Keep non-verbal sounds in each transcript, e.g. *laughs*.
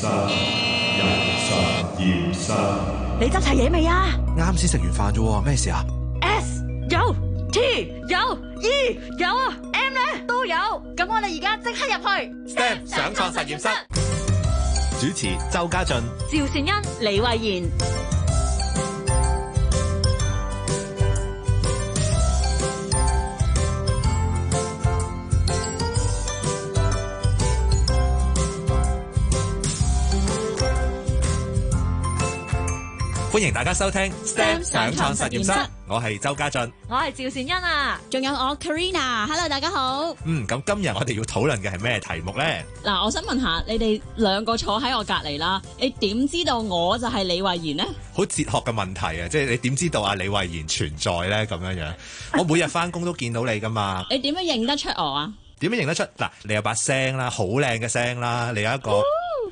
生、人、生、驗、生。你執齊嘢未啊？啱先食完飯啫喎，咩事啊？S 有，T 有，E 有啊，M 呢都有。咁我哋而家即刻入去。Step, Step 上創實驗室。驗室主持：周家俊、趙善恩、李慧妍。歡迎大家收聽 STEM 上創實驗室，7 我係周家俊，我係趙善恩啊，仲有我 Karina，Hello 大家好。嗯，咁今日我哋要討論嘅係咩題目咧？嗱，我想問下你哋兩個坐喺我隔籬啦，你點知道我就係李慧賢呢？好哲學嘅問題啊，即係你點知道阿李慧賢存在咧？咁樣樣，我每日翻工都見到你噶嘛？ *laughs* 你點樣認得出我啊？點樣認得出？嗱，你有把聲啦，好靚嘅聲啦，你有一個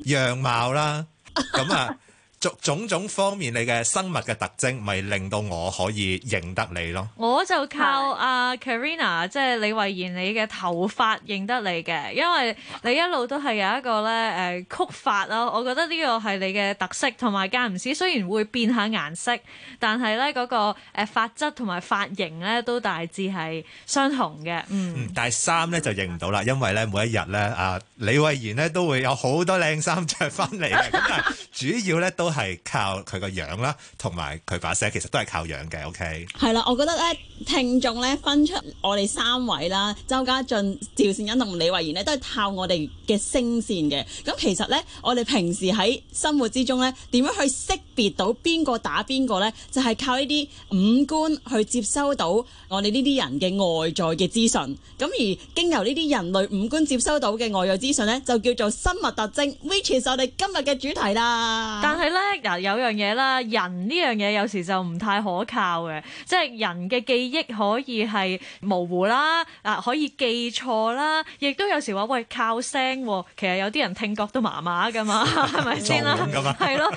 樣貌啦，咁啊。 *laughs* 種種種方面你嘅生物嘅特徵，咪令到我可以認得你咯。我就靠阿、啊、Carina，是即係李慧妍，你嘅頭髮認得你嘅，因為你一路都係有一個咧誒、呃、曲髮咯。我覺得呢個係你嘅特色同埋間唔時，雖然會變下顏色，但係咧嗰個誒髮質同埋髮型咧都大致係相同嘅。嗯，嗯但係衫咧就認唔到啦，因為咧每一日咧啊李慧妍咧都會有好多靚衫着翻嚟嘅，咁但係主要咧都。 *laughs* *laughs* 都係靠佢個樣啦，同埋佢把聲，其實都係靠樣嘅。OK，係啦，我覺得咧，聽眾咧分出我哋三位啦，周家俊、趙善欣同李慧賢咧，都係靠我哋嘅聲線嘅。咁其實咧，我哋平時喺生活之中咧，點樣去識別到邊個打邊個咧？就係靠呢啲五官去接收到我哋呢啲人嘅外在嘅資訊。咁而經由呢啲人類五官接收到嘅外在資訊咧，就叫做生物特徵，which is 我哋今日嘅主題啦。但係咧。嗱、啊，有樣嘢啦，人呢樣嘢有時就唔太可靠嘅，即係人嘅記憶可以係模糊啦，啊可以記錯啦，亦都有時話喂靠聲，其實有啲人聽覺都麻麻噶嘛，係咪先啦？咁係咯，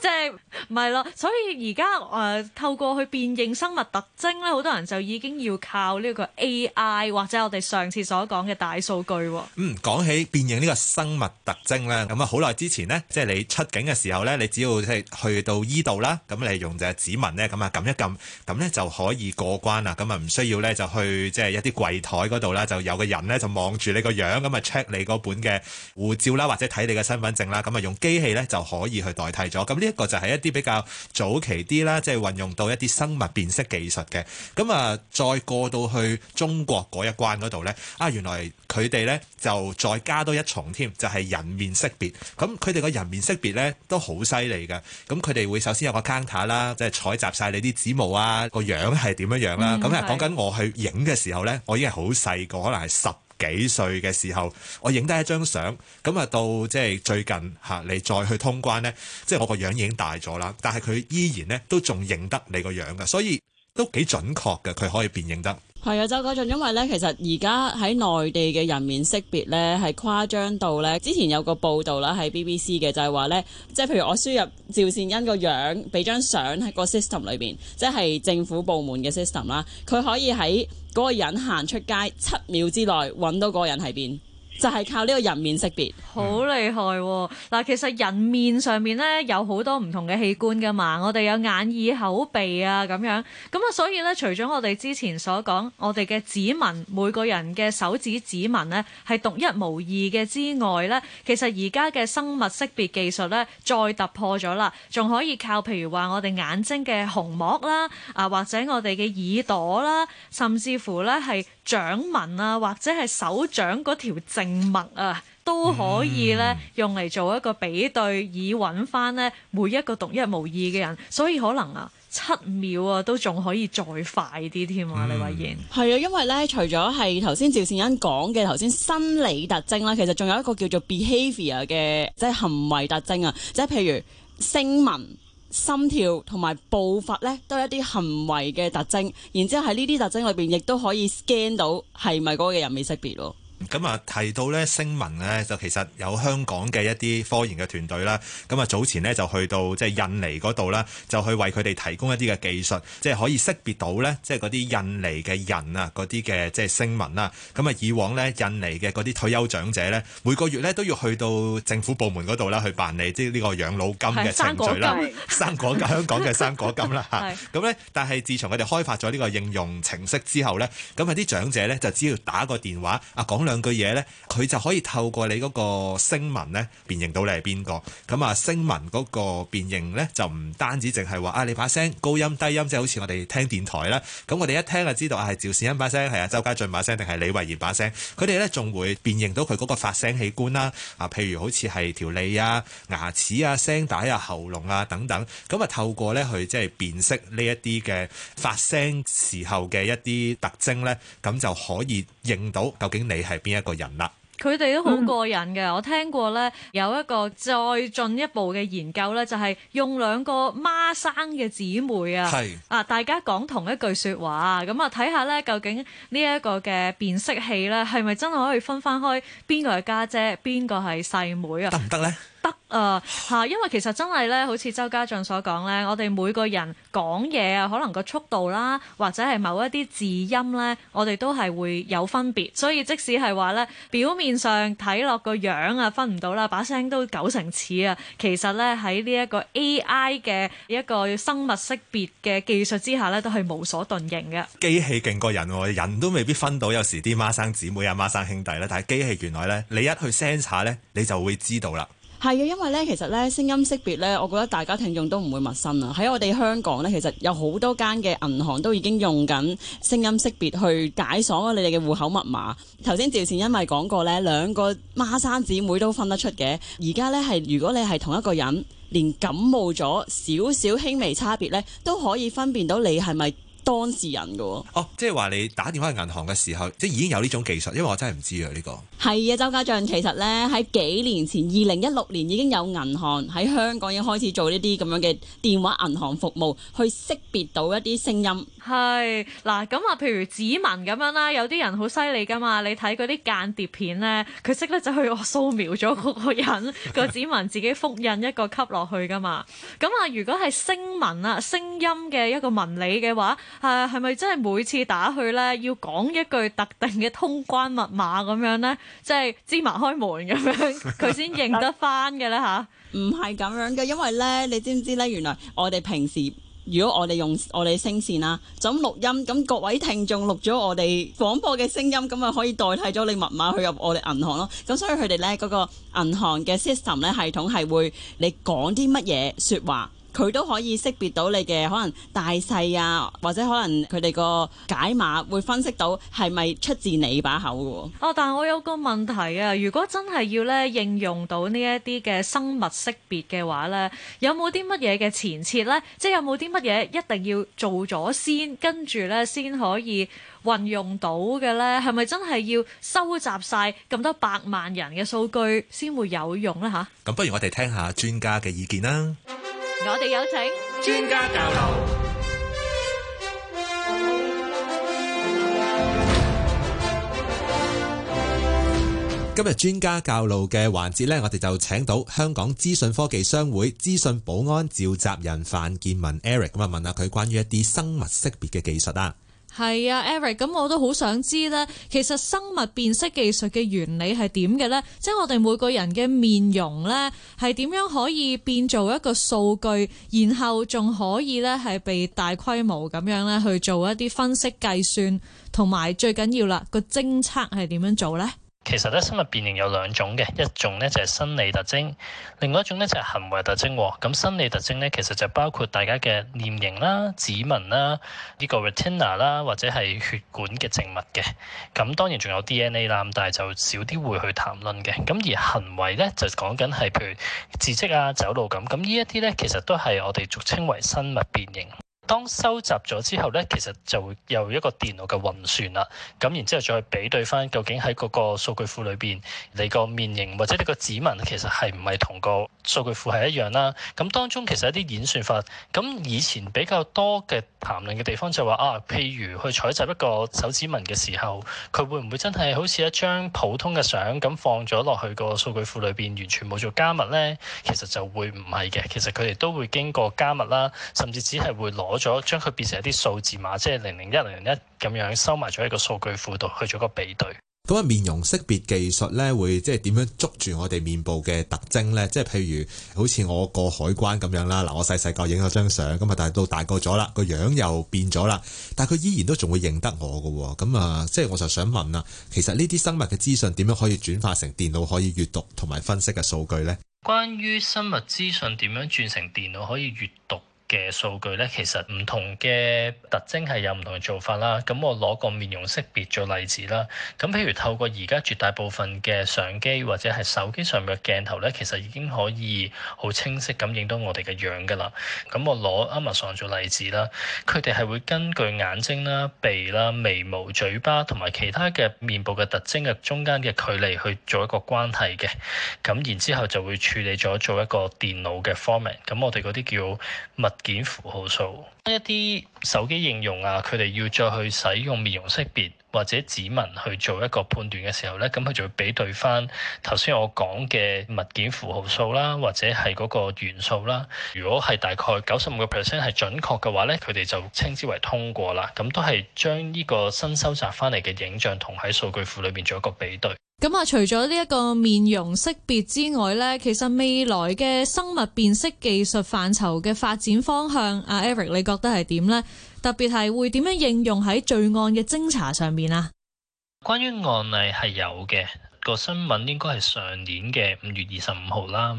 即係唔係咯？所以而家誒透過去辨認生物特徵咧，好多人就已經要靠呢個 AI 或者我哋上次所講嘅大數據，嗯，講起辨認呢個生物特徵啦，咁啊好耐之前咧，即係你出境嘅時候咧，你只要即係去到依度啦，咁你用隻指紋咧，咁啊撳一撳，咁咧就可以過關啦。咁啊唔需要咧就去即係一啲櫃台度啦，就有個人咧就望住你個樣，咁啊 check 你本嘅護照啦，或者睇你嘅身份證啦，咁啊用機器咧就可以去代替咗。咁呢一個就係一啲比較早期啲啦，即係運用到一啲生物辨識技術嘅。咁啊再過到去中國一關度咧，啊原來佢哋咧就再加多一重添，就係人面識別。咁佢哋個人面識別咧都好犀利。嚟嘅，咁佢哋會首先有個 counter 啦，即係採集晒你啲指模啊，個樣係點樣樣啦。咁係講緊我去影嘅時候呢，我已經係好細個，可能係十幾歲嘅時候，我影得一張相。咁啊到即係最近嚇、啊、你再去通關呢，即係我個樣已經大咗啦，但係佢依然呢，都仲認得你個樣嘅，所以都幾準確嘅，佢可以辨認得。係啊，周家俊，因為咧，其實而家喺內地嘅人面識別咧係誇張到咧。之前有個報道啦，係 BBC 嘅，就係話咧，即係譬如我輸入趙善恩個樣，俾張相喺個 system 裏邊，即係政府部門嘅 system 啦，佢可以喺嗰個人行出街七秒之內揾到嗰個人喺邊。就係靠呢個人面識別，好厲害、嗯、啊。嗱，其實人面上面呢，有好多唔同嘅器官噶嘛，我哋有眼、耳、口、鼻啊咁樣。咁啊，所以呢，除咗我哋之前所講，我哋嘅指紋，每個人嘅手指指紋呢，係獨一無二嘅之外呢，其實而家嘅生物識別技術呢，再突破咗啦，仲可以靠譬如話我哋眼睛嘅虹膜啦，啊或者我哋嘅耳朵啦，甚至乎呢係。掌紋啊，或者係手掌嗰條靜脈啊，都可以咧用嚟做一個比對，以揾翻咧每一個獨一無二嘅人。所以可能啊，七秒啊都仲可以再快啲添啊，嗯、李慧賢係啊，因為咧除咗係頭先趙善恩講嘅頭先生理特徵啦，其實仲有一個叫做 behavior 嘅即係行為特徵啊，即係譬如聲紋。聲心跳同埋步伐咧，都係一啲行為嘅特徵，然之後喺呢啲特徵裏邊亦都可以 scan 到係咪嗰個嘅人未識別咯。咁啊提到咧，聲紋咧，就其實有香港嘅一啲科研嘅團隊啦。咁啊早前咧，就去到即係印尼嗰度啦，就去為佢哋提供一啲嘅技術，即係可以識別到咧，即係嗰啲印尼嘅人啊，嗰啲嘅即係聲紋啦。咁啊以往咧，印尼嘅嗰啲退休長者咧，每個月咧，都要去到政府部門嗰度啦去辦理即係呢個養老金嘅程序啦。生果金，香港嘅生果金啦吓，咁咧 *laughs* 是，但係自從佢哋開發咗呢個應用程式之後咧，咁啊啲長者咧，就只要打個電話啊講。兩句嘢呢，佢就可以透過你嗰個聲紋呢辨認到你係邊個。咁啊，聲紋嗰個辨認呢，就唔單止淨係話啊，你把聲高音低音，即係好似我哋聽電台啦。咁我哋一聽就知道啊係趙善欣把聲，係啊周家俊把聲，定係李慧賢把聲。佢哋呢，仲會辨認到佢嗰個發聲器官啦。啊，譬如好似係條脷啊、牙齒啊、聲帶啊、喉嚨啊等等。咁啊，透過呢，去即係辨識呢一啲嘅發聲時候嘅一啲特徵呢，咁就可以認到究竟你係邊一個人啦？佢哋都好過癮嘅。我聽過咧，有一個再進一步嘅研究呢就係、是、用兩個孖生嘅姊妹啊，啊是，大家講同一句說話，咁啊，睇下呢究竟呢一個嘅辨識器呢，係咪真係可以分翻開邊個係家姐，邊個係細妹啊？得唔得呢？得啊、嗯，因為其實真係咧，好似周家俊所講咧，我哋每個人講嘢啊，可能個速度啦，或者係某一啲字音咧，我哋都係會有分別。所以即使係話咧，表面上睇落個樣啊，分唔到啦，把聲都九成似啊。其實咧，喺呢一個 A.I. 嘅一個生物識別嘅技術之下咧，都係無所遁形嘅。機器勁過人，人都未必分到。有時啲孖生姊妹啊，孖生兄弟咧，但係機器原來咧，你一去 sense 下咧，你就會知道啦。係啊，因為咧，其實咧，聲音識別咧，我覺得大家聽眾都唔會陌生啊。喺我哋香港咧，其實有好多間嘅銀行都已經用緊聲音識別去解鎖咗你哋嘅戶口密碼。頭先趙倩因咪講過咧，兩個孖生姊妹都分得出嘅。而家咧，係如果你係同一個人，連感冒咗少少輕微差別咧，都可以分辨到你係咪當事人嘅哦，即係話你打電話去銀行嘅時候，即係已經有呢種技術，因為我真係唔知啊呢、呢個係啊，周家俊其實呢，喺幾年前，二零一六年已經有銀行喺香港已經開始做呢啲咁樣嘅電話銀行服務，去識別到一啲聲音係嗱咁啊，譬如指紋咁樣啦，有啲人好犀利噶嘛，你睇嗰啲間諜片呢，佢識得就去我掃描咗嗰個人 *laughs* 個指紋，自己複印一個吸落去噶嘛，咁啊，如果係聲紋啊聲音嘅一個紋理嘅話。係係咪真係每次打去呢？要講一句特定嘅通關密碼咁樣呢？即係芝麻開門咁樣，佢先認得翻嘅咧吓，唔係咁樣嘅，因為呢，你知唔知呢？原來我哋平時如果我哋用我哋聲線啦、啊，咁錄音，咁各位聽眾錄咗我哋廣播嘅聲音，咁咪可以代替咗你密碼去入我哋銀行咯、啊。咁所以佢哋呢，嗰、那個銀行嘅 system 咧系統係會你講啲乜嘢説話。佢都可以識別到你嘅可能大細啊，或者可能佢哋個解碼會分析到係咪出自你把口喎。哦，但我有個問題啊，如果真係要咧應用到呢一啲嘅生物識別嘅話咧，有冇啲乜嘢嘅前設咧？即係有冇啲乜嘢一定要做咗先，跟住咧先可以運用到嘅咧？係咪真係要收集晒咁多百萬人嘅數據先會有用咧？吓，咁不如我哋聽下專家嘅意見啦。我哋有請專家教路。今日專家教路嘅環節呢，我哋就請到香港資訊科技商會資訊保安召集人范建文 Eric 咁啊，問下佢關於一啲生物識別嘅技術啊。係啊，Eric，咁我都好想知咧，其實生物辨識技術嘅原理係點嘅咧？即係我哋每個人嘅面容咧，係點樣可以變做一個數據，然後仲可以咧係被大規模咁樣咧去做一啲分析計算，同埋最緊要啦，個偵測係點樣做咧？其實咧，生物辨識有兩種嘅，一種咧就係、是、生理特徵，另外一種咧就係、是、行為特徵。咁、哦、生理特徵咧，其實就包括大家嘅臉型啦、指紋啦、呢、這個 retina 啦，或者係血管嘅靜脈嘅。咁當然仲有 D N A 啦，但係就少啲會去談論嘅。咁而行為咧，就講緊係譬如字跡啊、走路咁、啊。咁呢一啲咧，其實都係我哋俗稱為生物辨識。當收集咗之後咧，其實就會有一個電腦嘅運算啦。咁然之後再比對返，究竟喺嗰個數據庫裏邊，你個面型或者你個指紋，其實係唔係同個數據庫係一樣啦？咁當中其實一啲演算法，咁以前比較多嘅談論嘅地方就話、是、啊，譬如去採集一個手指紋嘅時候，佢會唔會真係好似一張普通嘅相咁放咗落去個數據庫裏邊，完全冇做加密呢？其實就會唔係嘅。其實佢哋都會經過加密啦，甚至只係會攞咗，將佢變成一啲數字碼，即係零零一零零一咁樣收埋咗喺個數據庫度去做個比對。咁啊，面容識別技術咧，會即係點樣捉住我哋面部嘅特徵咧？即係譬如好似我過海關咁樣啦，嗱，我細細個影咗張相，咁啊，但係到大個咗啦，個樣又變咗啦，但係佢依然都仲會認得我㗎。咁啊，即係我就想問啦，其實呢啲生物嘅資訊點樣可以轉化成電腦可以閱讀同埋分析嘅數據咧？關於生物資訊點樣轉成電腦可以閱讀？嘅數據咧，其實唔同嘅特徵係有唔同嘅做法啦。咁我攞個面容識別做例子啦。咁譬如透過而家絕大部分嘅相機或者係手機上面嘅鏡頭咧，其實已經可以好清晰咁影到我哋嘅樣㗎喇。咁我攞 Amazon 做例子啦，佢哋係會根據眼睛啦、鼻啦、眉毛、嘴巴同埋其他嘅面部嘅特徵嘅中間嘅距離去做一個關係嘅。咁然之後就會處理咗做一個電腦嘅 format。咁我哋嗰啲叫物物件符號數，一啲手機應用啊，佢哋要再去使用面容識別或者指紋去做一個判斷嘅時候咧，咁佢就會比對翻頭先我講嘅物件符號數啦，或者係嗰個元素啦。如果係大概九十五個 percent 係準確嘅話咧，佢哋就稱之為通過啦。咁都係將呢個新收集翻嚟嘅影像同喺數據庫裏邊做一個比對。咁啊，除咗呢一個面容識別之外咧，其實未來嘅生物辨識技術範疇嘅發展方向，阿 Eric 你覺得係點咧？特別係會點樣應用喺罪案嘅偵查上面啊？關於案例係有嘅。個新聞應該係上年嘅五月二十五號啦，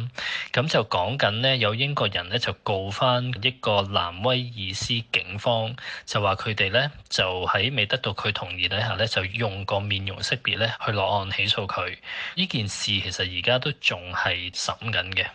咁就講緊呢，有英國人咧就告翻一個南威爾斯警方，就話佢哋咧就喺未得到佢同意底下咧就用個面容識別咧去落案起訴佢。呢件事其實而家都仲係審緊嘅。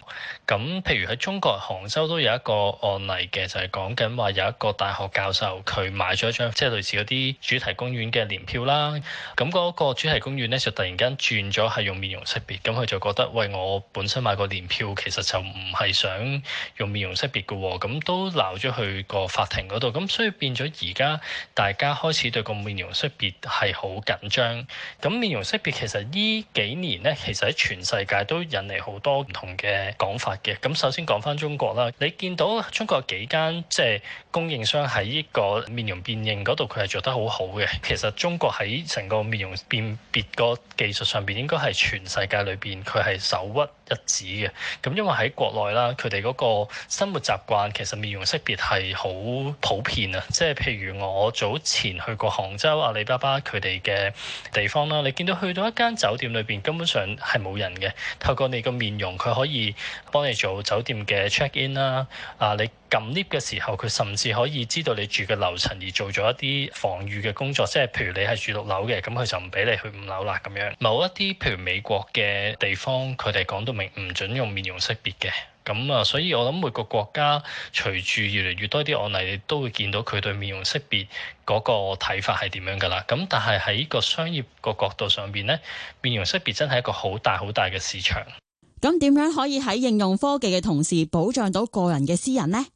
咁譬如喺中國杭州都有一個案例嘅，就係講緊話有一個大學教授佢買咗一張即係類似嗰啲主題公園嘅年票啦，咁嗰個主題公園咧就突然間轉。變咗係用面容識別，咁佢就覺得喂，我本身買個年票，其實就唔係想用面容識別嘅喎，咁都鬧咗去個法庭嗰度，咁所以變咗而家大家開始對個面容識別係好緊張。咁面容識別其實呢幾年咧，其實喺全世界都引嚟好多唔同嘅講法嘅。咁首先講返中國啦，你見到中國有幾間即係供應商喺呢個面容辨認嗰度，佢係做得好好嘅。其實中國喺成個面容辨別個技術上面。應該係全世界裏邊，佢係首屈。日子嘅，咁因為喺國內啦，佢哋嗰個生活習慣其實面容識別係好普遍啊，即係譬如我早前去過杭州阿里巴巴佢哋嘅地方啦，你見到去到一間酒店裏邊根本上係冇人嘅，透過你個面容佢可以幫你做酒店嘅 check in 啦，啊，啊你撳 lift 嘅時候佢甚至可以知道你住嘅樓層而做咗一啲防禦嘅工作，即係譬如你係住六樓嘅，咁佢就唔俾你去五樓啦咁樣。某一啲譬如美國嘅地方，佢哋講到唔准用面容識別嘅，咁啊，所以我諗每個國家隨住越嚟越多啲案例，你都會見到佢對面容識別嗰個睇法係點樣噶啦。咁但係喺個商業個角度上邊咧，面容識別真係一個好大好大嘅市場。咁點樣可以喺應用科技嘅同時，保障到個人嘅私隱呢？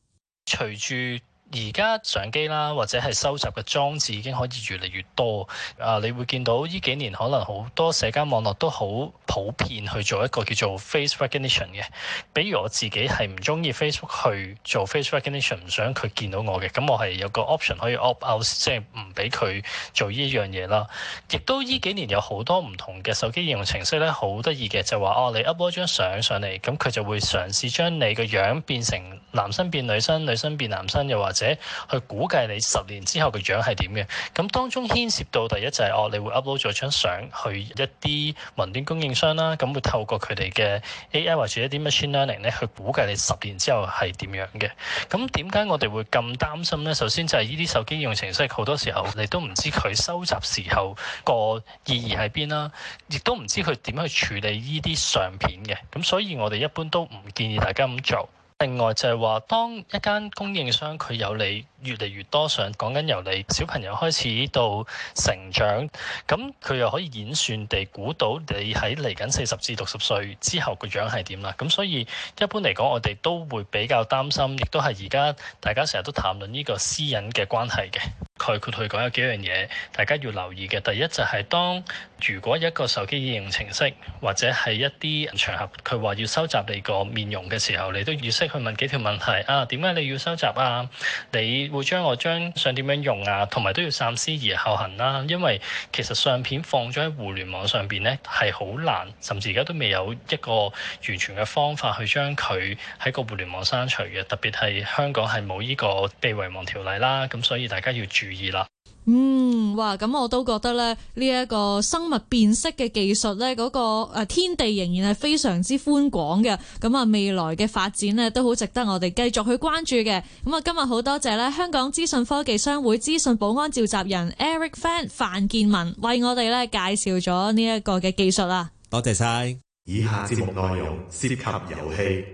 隨住。而家相機啦，或者係收集嘅裝置已經可以越嚟越多。啊，你會見到呢幾年可能好多社交網絡都好普遍去做一個叫做 face recognition 嘅。比如我自己係唔中意 Facebook 去做 face recognition，唔想佢見到我嘅。咁我係有個 option 可以 opt out，即係唔俾佢做呢樣嘢啦。亦都呢幾年有好多唔同嘅手機應用程式咧，好得意嘅就話、是、啊、哦，你 upload 張相上嚟，咁佢就會嘗試將你個樣變成男生變女生，女生變男生，又話，或者去估計你十年之後嘅樣係點嘅，咁當中牽涉到第一就係、是、哦，你會 upload 咗張相去一啲雲端供應商啦，咁會透過佢哋嘅 AI 或者一啲 machine learning 咧去估計你十年之後係點樣嘅。咁點解我哋會咁擔心咧？首先就係呢啲手機應用程式好多時候你都唔知佢收集時候個意義喺邊啦，亦都唔知佢點去處理呢啲相片嘅。咁所以我哋一般都唔建議大家咁做。另外就係話，當一間供應商佢有你越嚟越多，想講緊由你小朋友開始到成長，咁佢又可以演算地估到你喺嚟緊四十至六十歲之後個樣係點啦。咁所以一般嚟講，我哋都會比較擔心，亦都係而家大家成日都談論呢個私隱嘅關係嘅。概括去講有幾樣嘢，大家要留意嘅。第一就係、是，當如果一個手機應用程式或者係一啲場合，佢話要收集你個面容嘅時候，你都要識去問幾條問題啊？點解你要收集啊？你會將我將相點樣用啊？同埋都要三思而後行啦、啊。因為其實相片放咗喺互聯網上邊咧，係好難，甚至而家都未有一個完全嘅方法去將佢喺個互聯網刪除嘅。特別係香港係冇呢個被遺忘條例啦，咁所以大家要注注意啦！嗯，哇，咁我都覺得咧，呢、這、一個生物辨識嘅技術咧，嗰、那個誒天地仍然係非常之寬廣嘅。咁、嗯、啊，未來嘅發展呢，都好值得我哋繼續去關注嘅。咁、嗯、啊，今日好多謝咧香港資訊科技商會資訊保安召集人 Eric Fan 范建文，為我哋咧介紹咗呢一個嘅技術啦。多謝晒。以下節目內容涉及遊戲，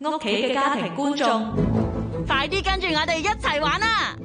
屋企嘅家庭觀眾，觀眾快啲跟住我哋一齊玩啦！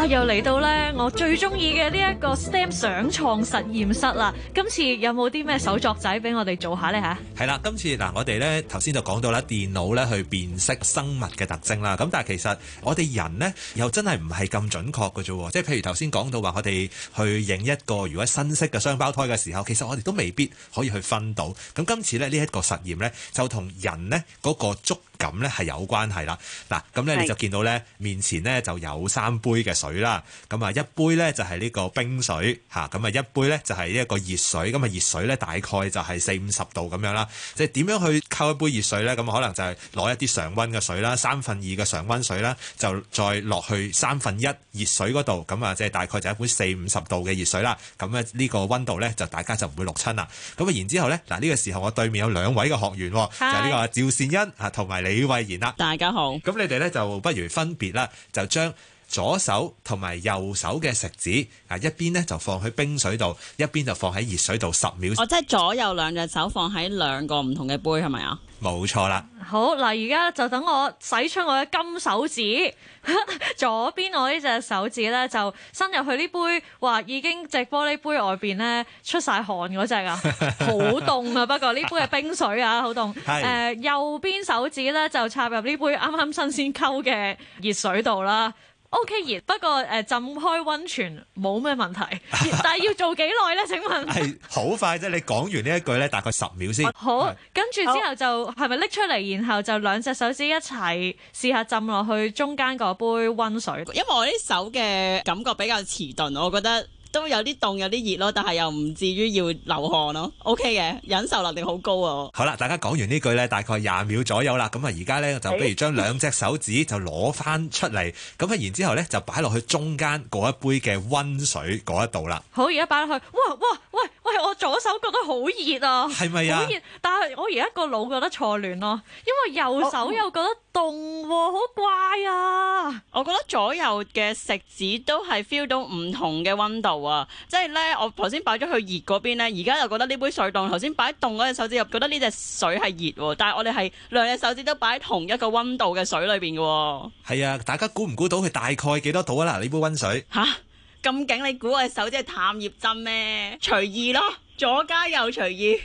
啊、又嚟到呢，我最中意嘅呢一個 STEM 想創實驗室啦！今次有冇啲咩手作仔俾我哋做下呢？吓，係啦，今次嗱，我哋呢頭先就講到啦，電腦呢去辨識生物嘅特徵啦。咁但係其實我哋人呢，又真係唔係咁準確嘅啫喎。即係譬如頭先講到話，我哋去影一個如果新式嘅雙胞胎嘅時候，其實我哋都未必可以去分到。咁今次呢，呢、這、一個實驗呢，就同人呢嗰、那個足。咁咧係有關係啦，嗱咁咧你就見到咧是面前咧就有三杯嘅水啦，咁啊一杯咧就係呢個冰水嚇，咁啊一杯咧就係呢一個熱水，咁啊熱水咧大概就係四五十度咁樣啦。即係點樣去溝一杯熱水咧？咁可能就係攞一啲常溫嘅水啦，三分二嘅常溫水啦，就再落去三分一熱水嗰度，咁啊即係大概就係一杯四五十度嘅熱水啦。咁咧呢個溫度咧就大家就唔會落親啦。咁啊然之後咧，嗱呢個時候我對面有兩位嘅學員，哦，Hi. 就係呢個趙善欣啊同埋你。李慧嫻啦，大家好。咁你哋咧就不如分別啦，就將左手同埋右手嘅食指啊，一邊呢，就放喺冰水度，一邊就放喺熱水度十秒。哦，即係左右兩隻手放喺兩個唔同嘅杯，係咪啊？冇錯啦。好嗱，而家就等我使出我嘅金手指， *laughs* 左邊我呢隻手指呢，就伸入去呢杯，哇已經隻玻璃杯外邊呢，出晒汗嗰隻啊，好凍啊！不過呢杯係冰水啊，好凍。誒、 *laughs* 呃，右邊手指呢，就插入呢杯啱啱新鮮溝嘅熱水度啦。O.K. 熱，不過誒，浸開溫泉冇咩問題，但係要做幾耐呢？ *laughs* 請問係好 *laughs* 快啫！你講完呢一句呢，大概十秒先。啊、好，跟住是之後就係咪拎出嚟，然後就兩隻手指一齊試下浸落去中間嗰杯溫水？因為我呢手嘅感覺比較遲鈍，我覺得。都有啲凍，有啲熱咯，但係又唔至於要流汗咯。O K 嘅，忍受能力好高啊！好啦，大家講完呢句呢，大概廿秒左右啦。咁啊，而家呢，就不如將兩隻手指就攞翻出嚟，咁啊，然之後呢就擺落去中間嗰一杯嘅溫水嗰一度啦。好，而家擺落去，哇哇喂喂，我左手覺得好熱啊，係咪啊？好熱，但係我而家個腦覺得錯亂咯，因為右手又覺得。哦凍、啊，好怪啊！我覺得左右嘅食指都係 feel 到唔同嘅溫度啊，即係呢，我頭先擺咗去熱嗰邊呢，而家又覺得呢杯水凍。頭先擺喺凍嗰隻手指入，覺得呢隻水係熱、啊，但係我哋係兩隻手指都擺喺同一個溫度嘅水裏邊嘅、啊。係啊，大家估唔估到佢大概幾多度啊？嗱，呢杯溫水吓咁勁，你估我嘅手指係探熱針咩？隨意咯。左加右隨意，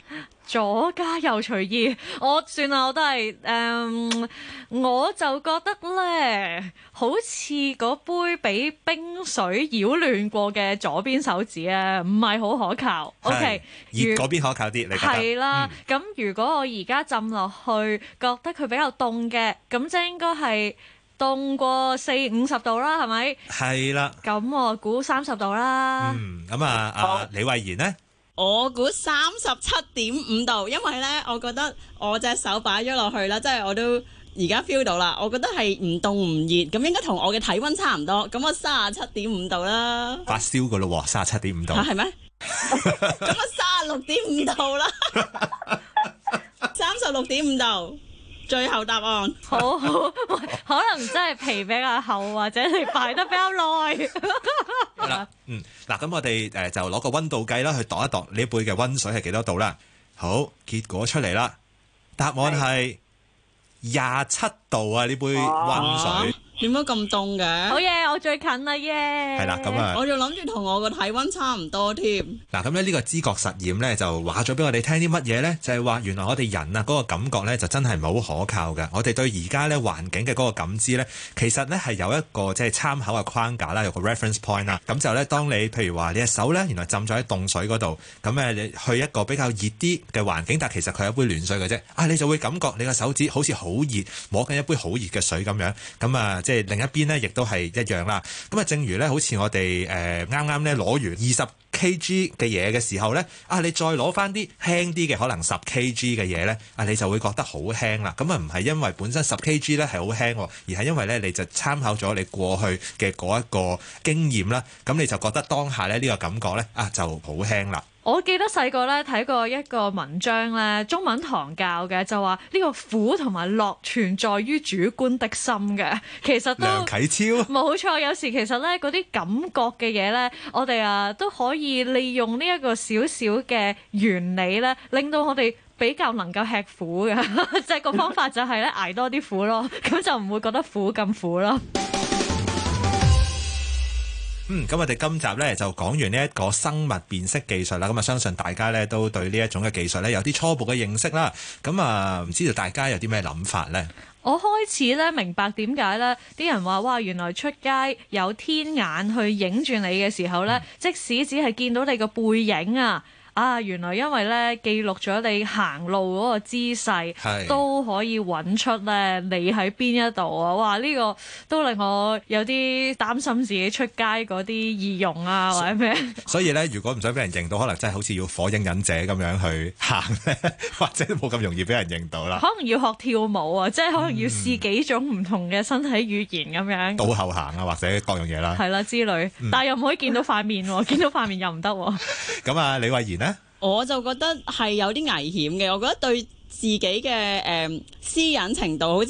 左加右隨意，我算啦，我都係誒，我就覺得咧，好似嗰杯俾冰水擾亂過嘅左邊手指咧，唔係好可靠是。O K，熱嗰邊可靠啲，你覺得，係啦。咁、嗯、如果我而家浸落去，覺得佢比較凍嘅，咁即係應該係凍過四五十度啦，係咪？係啦。咁我估三十度啦。嗯，咁啊，阿、啊、李慧妍咧。我估三十七點五度，因為呢，我覺得我隻手擺咗落去啦，即係我都而家 feel 到啦，我覺得係唔凍唔熱，咁應該同我嘅體溫差唔多，咁我三十七點五度啦。發燒噶咯，三十七點五度。係咩、啊？咁我三十六點五度啦。三十六點五度。最後答案 *laughs* 好，好好，喂，可能真係皮比較厚， *laughs* 或者你擺得比較耐。嗱，嗯，嗱，咁我哋誒就攞個溫度計啦，去度一度呢杯嘅溫水係幾多度啦？好，結果出嚟啦，答案係廿七度啊！呢是杯溫水。啊點解咁凍嘅？好嘢，oh、yeah, 我最近啦耶！係、yeah! 啦，咁、嗯、啊，我仲諗住同我個體溫差唔多添。嗱，咁咧呢個知覺實驗呢，就話咗俾我哋聽啲乜嘢呢？就係話原來我哋人啊嗰個感覺呢，就真係唔係好可靠嘅。我哋對而家呢環境嘅嗰個感知呢，其實呢係有一個即係參考嘅框架啦，有個 reference point 啦。咁就呢，咧，當你譬如話你隻手呢，原來浸咗喺凍水嗰度，咁誒你去一個比較熱啲嘅環境，但其實佢係一杯暖水嘅啫。啊，你就會感覺你個手指好似好熱，摸緊一杯好熱嘅水咁樣。咁、嗯、啊，即另一邊咧，亦都係一樣啦。咁啊，正如咧，好似我哋誒啱啱咧攞完二十 kg 嘅嘢嘅時候咧，啊，你再攞翻啲輕啲嘅，可能十 kg 嘅嘢咧，啊，你就會覺得好輕啦。咁啊，唔係因為本身十 kg 咧係好輕，而係因為咧你就參考咗你過去嘅嗰一個經驗啦。咁，啊，你就覺得當下咧呢個感覺咧啊就好輕啦。我記得細個咧睇過一個文章咧，中文堂教嘅就話呢個苦同埋樂存在於主觀的心嘅，其實都梁啟超冇錯，有時其實咧嗰啲感覺嘅嘢咧，我哋啊都可以利用呢一個小小嘅原理咧，令到我哋比較能夠吃苦嘅，即 *laughs* 係個方法就係咧捱多啲苦咯，咁就唔會覺得苦咁苦咯。嗯，咁我哋今集呢就講完呢一個生物辨識技術啦，咁啊相信大家呢都對呢一種嘅技術呢有啲初步嘅認識啦。咁啊，唔知道大家有啲咩諗法呢？我開始呢明白點解呢啲人話哇，原來出街有天眼去影住你嘅時候呢，嗯、即使只係見到你個背影啊。啊，原來因為咧記錄咗你行路嗰個姿勢，都可以揾出咧你喺邊一度啊！哇，呢、這個都令我有啲擔心自己出街嗰啲易容啊或者咩？所以咧，如果唔想俾人認到，可能真係好似要火影忍者咁樣去行咧，或者冇咁容易俾人認到啦。可能要學跳舞啊，即、就、係、是、可能要試幾種唔同嘅身體語言咁樣。倒、嗯、後行啊，或者各樣嘢啦。係啦，之類，嗯、但係又唔可以見到塊面喎， *laughs* 見到塊面又唔得喎。咁啊， *laughs* 李慧賢。我就覺得係有啲危險嘅，我覺得對自己嘅誒、呃、私隱程度，好似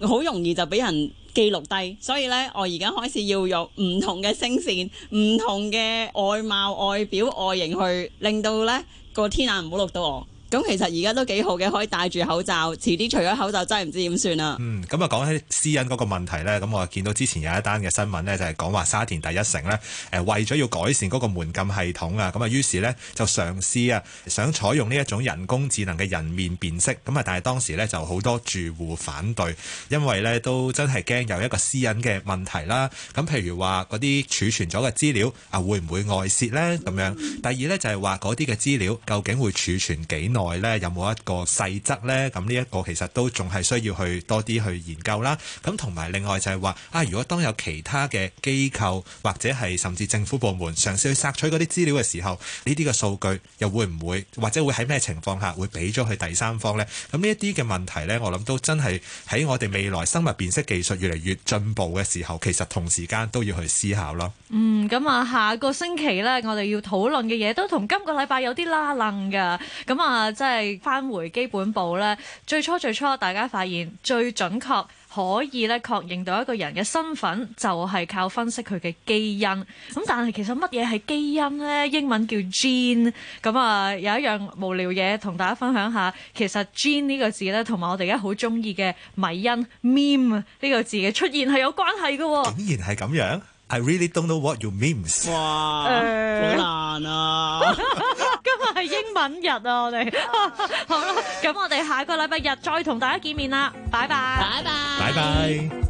好容易就俾人記錄低，所以咧，我而家開始要用唔同嘅聲線、唔同嘅外貌、外表、外形去令到咧個天眼唔好錄到我。咁其實而家都幾好嘅，可以戴住口罩。遲啲除咗口罩真係唔知點算啦。嗯，咁、嗯、啊講起私隱嗰個問題咧，咁、嗯、我見到之前有一單嘅新聞呢，就係、是、講話沙田第一城呢，誒、呃、為咗要改善嗰個門禁系統啊，咁、嗯、啊於是呢，就嘗試啊想採用呢一種人工智能嘅人面辨識。咁、嗯、啊但係當時呢，就好多住戶反對，因為呢，都真係驚有一個私隱嘅問題啦。咁譬如話嗰啲儲存咗嘅資料啊會唔會外洩呢？咁樣第二呢，就係話嗰啲嘅資料究竟會儲存幾耐？內呢有冇一個細則呢？咁呢一個其實都仲係需要去多啲去研究啦。咁同埋另外就係話啊，如果當有其他嘅機構或者係甚至政府部門嘗試去索取嗰啲資料嘅時候，呢啲嘅數據又會唔會或者會喺咩情況下會俾咗去第三方呢？咁呢一啲嘅問題呢，我諗都真係喺我哋未來生物辨識技術越嚟越進步嘅時候，其實同時間都要去思考咯。嗯，咁啊，下個星期呢，我哋要討論嘅嘢都同今個禮拜有啲拉冷噶。咁啊～即係翻回基本步咧，最初最初大家發現最準確可以咧確認到一個人嘅身份，就係、是、靠分析佢嘅基因。咁但係其實乜嘢係基因呢？英文叫 gene。咁、嗯、啊，有一樣無聊嘢同大家分享下。其實 gene 呢個字咧，同埋我哋而家好中意嘅迷因 meme 呢個字嘅出現係有關係噶。竟然係咁樣？I really don't know what you memes。哇，呃、好難啊！ *laughs* 等日啊！ *laughs* 我哋好啦，咁我哋下個禮拜日再同大家見面啦，拜拜，拜拜，拜拜。